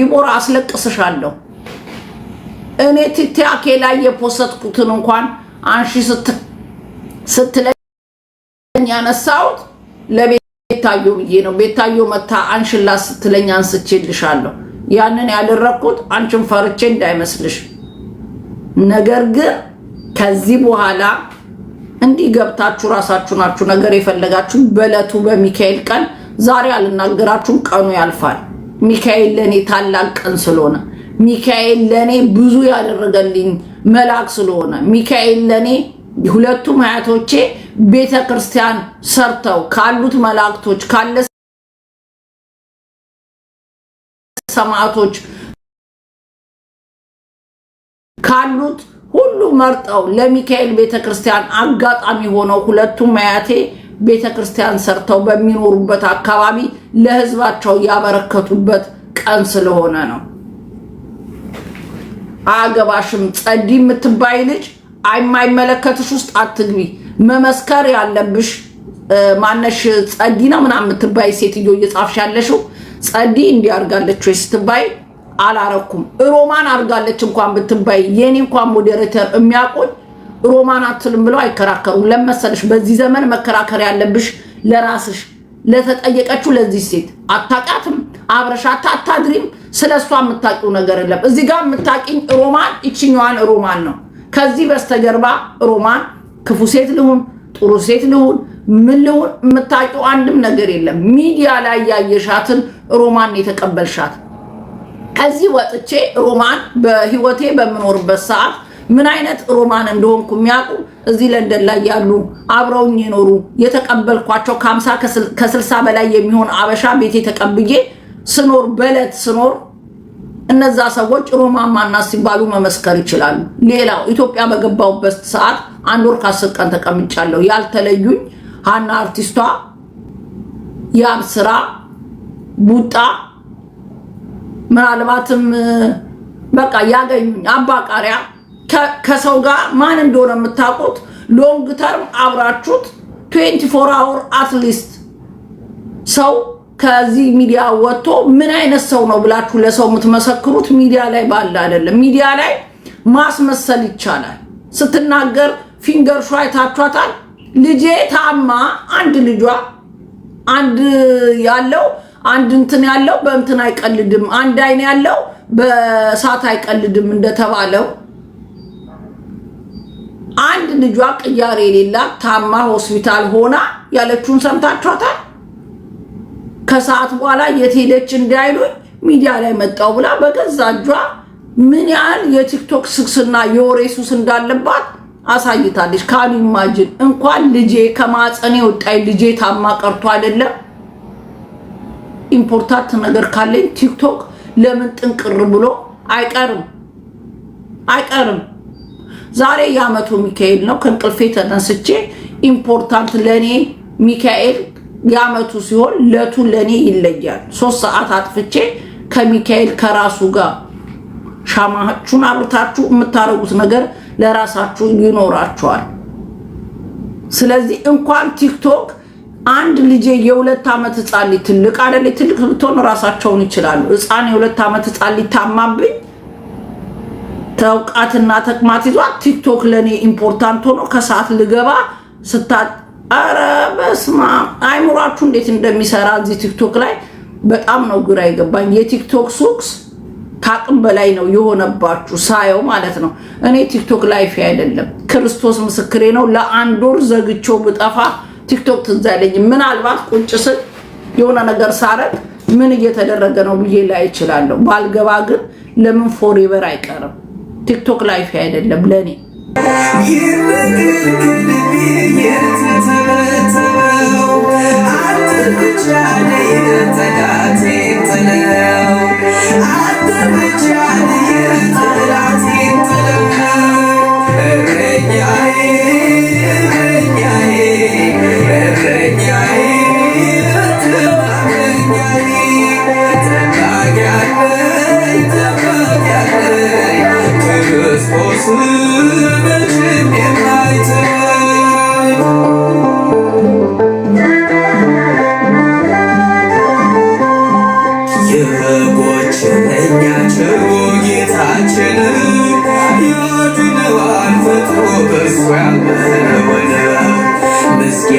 ዲሞራ አስለቅስሻለሁ። እኔ ቲክታኬ ላይ የፖሰትኩትን እንኳን አንሺ ስትለኝ ያነሳሁት ለቤታዮ ብዬ ነው። ቤታዮ መታ አንሽላ ስትለኝ አንስቼልሻለሁ። ያንን ያደረግኩት አንቺን ፈርቼ እንዳይመስልሽ። ነገር ግን ከዚህ በኋላ እንዲህ ገብታችሁ ራሳችሁ ናችሁ ነገር የፈለጋችሁ በዕለቱ በሚካኤል ቀን ዛሬ አልናገራችሁም። ቀኑ ያልፋል። ሚካኤል ለእኔ ታላቅ ቀን ስለሆነ ሚካኤል ለእኔ ብዙ ያደረገልኝ መልአክ ስለሆነ ሚካኤል ለእኔ ሁለቱም አያቶቼ ቤተ ክርስቲያን ሰርተው ካሉት መላእክቶች ካለ ሰማዕቶች ካሉት ሁሉ መርጠው ለሚካኤል ቤተ ክርስቲያን አጋጣሚ ሆነው ሁለቱም አያቴ ቤተ ክርስቲያን ሰርተው በሚኖሩበት አካባቢ ለህዝባቸው ያበረከቱበት ቀን ስለሆነ ነው። አገባሽም ጸዲ የምትባይ ልጅ የማይመለከትሽ ውስጥ አትግቢ። መመስከር ያለብሽ ማነሽ? ጸዲ ነው ምናምን የምትባይ ሴትዮ እየጻፍሽ ያለሽው ጸዲ እንዲህ አድርጋለች ወይ ስትባይ አላረኩም ሮማን አድርጋለች እንኳን ብትባይ የኔ እንኳን ሞዴሬተር የሚያውቁኝ ሮማን አትልም ብለው አይከራከሩም። ለመሰለሽ በዚህ ዘመን መከራከር ያለብሽ ለራስሽ ለተጠየቀችው ለዚህ ሴት አታውቃትም፣ አብረሻታ አታድሪም። ስለ እሷ የምታውቂው ነገር የለም። እዚህ ጋር የምታውቂኝ ሮማን ይችኛዋን ሮማን ነው። ከዚህ በስተጀርባ ሮማን ክፉ ሴት ልሁን ጥሩ ሴት ልሁን ምን ልሁን የምታውቂው አንድም ነገር የለም። ሚዲያ ላይ ያየሻትን ሮማን የተቀበልሻት። ከዚህ ወጥቼ ሮማን በህይወቴ በምኖርበት ሰዓት ምን አይነት ሮማን እንደሆንኩ የሚያውቁ እዚህ ለንደን ላይ ያሉ አብረውኝ የኖሩ የተቀበልኳቸው ከሀምሳ ከስልሳ በላይ የሚሆን አበሻ ቤቴ ተቀብዬ ስኖር በዕለት ስኖር እነዛ ሰዎች ሮማን ማናት ሲባሉ መመስከር ይችላሉ። ሌላው ኢትዮጵያ በገባሁበት ሰዓት አንድ ወር ከአስር ቀን ተቀምጫለሁ። ያልተለዩኝ ሀና አርቲስቷ፣ ያብስራ፣ ቡጣ ምናልባትም በቃ ያገኙኝ አባቃሪያ። ከሰው ጋር ማን እንደሆነ የምታውቁት ሎንግ ተርም አብራችሁት 24 አወር አትሊስት ሰው ከዚህ ሚዲያ ወጥቶ ምን አይነት ሰው ነው ብላችሁ ለሰው የምትመሰክሩት ሚዲያ ላይ ባለ አይደለም። ሚዲያ ላይ ማስመሰል ይቻላል። ስትናገር ፊንገር ሾ አይታችኋታል። ልጄ ታማ አንድ ልጇ አንድ ያለው አንድ እንትን ያለው በእንትን አይቀልድም፣ አንድ አይን ያለው በእሳት አይቀልድም እንደተባለው አንድ ልጇ ቅያሬ የሌላት ታማ ሆስፒታል ሆና ያለችውን ሰምታችኋታል። ከሰዓት በኋላ የት ሄደች እንዳይሉኝ ሚዲያ ላይ መጣው ብላ በገዛ እጇ ምን ያህል የቲክቶክ ስክስና የወሬ ሱስ እንዳለባት አሳይታለች። ካሉ ኢማጅን እንኳን ልጄ ከማፀኔ ወጣይ ልጄ ታማ ቀርቶ አይደለም። ኢምፖርታንት ነገር ካለኝ ቲክቶክ ለምን ጥንቅር ብሎ አይቀርም አይቀርም። ዛሬ የአመቱ ሚካኤል ነው። ከእንቅልፌ ተነስቼ ኢምፖርታንት ለእኔ ሚካኤል የአመቱ ሲሆን ለቱ ለእኔ ይለያል። ሶስት ሰዓት አጥፍቼ ከሚካኤል ከራሱ ጋር ሻማችሁን አብርታችሁ የምታደርጉት ነገር ለራሳችሁ ይኖራችኋል። ስለዚህ እንኳን ቲክቶክ አንድ ልጄ የሁለት ዓመት ህፃን ትልቅ አደለ ትልቅ ብትሆን ራሳቸውን ይችላሉ። ህፃን የሁለት ዓመት ህፃን ሊታማብኝ ተውቃትና ተቅማት ይዟት ቲክቶክ ለእኔ ኢምፖርታንት ሆኖ ከሰዓት ልገባ ስታ አረ በስማ አይምሯችሁ እንዴት እንደሚሰራ እዚህ ቲክቶክ ላይ በጣም ነው ግራ የገባኝ። የቲክቶክ ሱስ ከአቅም በላይ ነው የሆነባችሁ ሳየው ማለት ነው። እኔ ቲክቶክ ላይፍ አይደለም ክርስቶስ ምስክሬ ነው። ለአንድ ወር ዘግቼው ብጠፋ ቲክቶክ ትዝ አይለኝም። ምናልባት ቁጭ ስል የሆነ ነገር ሳረግ ምን እየተደረገ ነው ብዬ ላይ እችላለሁ። ባልገባ ግን ለምን ፎሬቨር አይቀርም ቲክቶክ ላይፍ አይደለም ለእኔ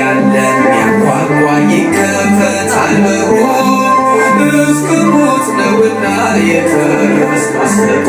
ያለን ያንኳኳ ይከፈታል በሮ እስከ ሞት ነውና የክርስቶስ ልቆ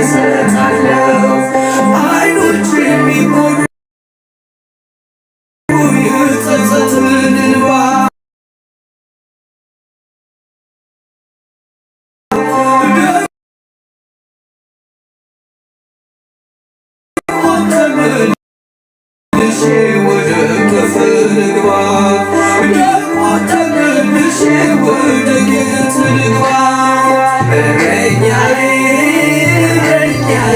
እሰጣለሁ አይኖች የሚጎዱ የጸጸትን ደግሞ ተመልሼ ወደ ጌት ግባ እረኛዬ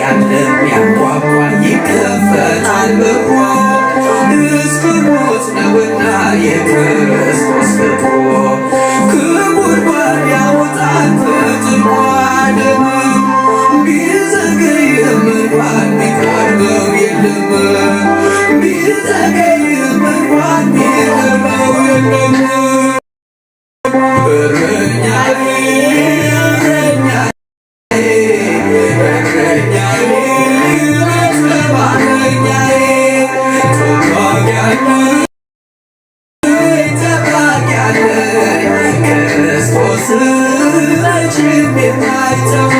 ያለም ያንኳኳ ይከፈታል በሯ እስከ ሞት ነውና የክርስቶስ ፍቅር ከጉድጓድ ያወጣል ከጥልቁ 别太早。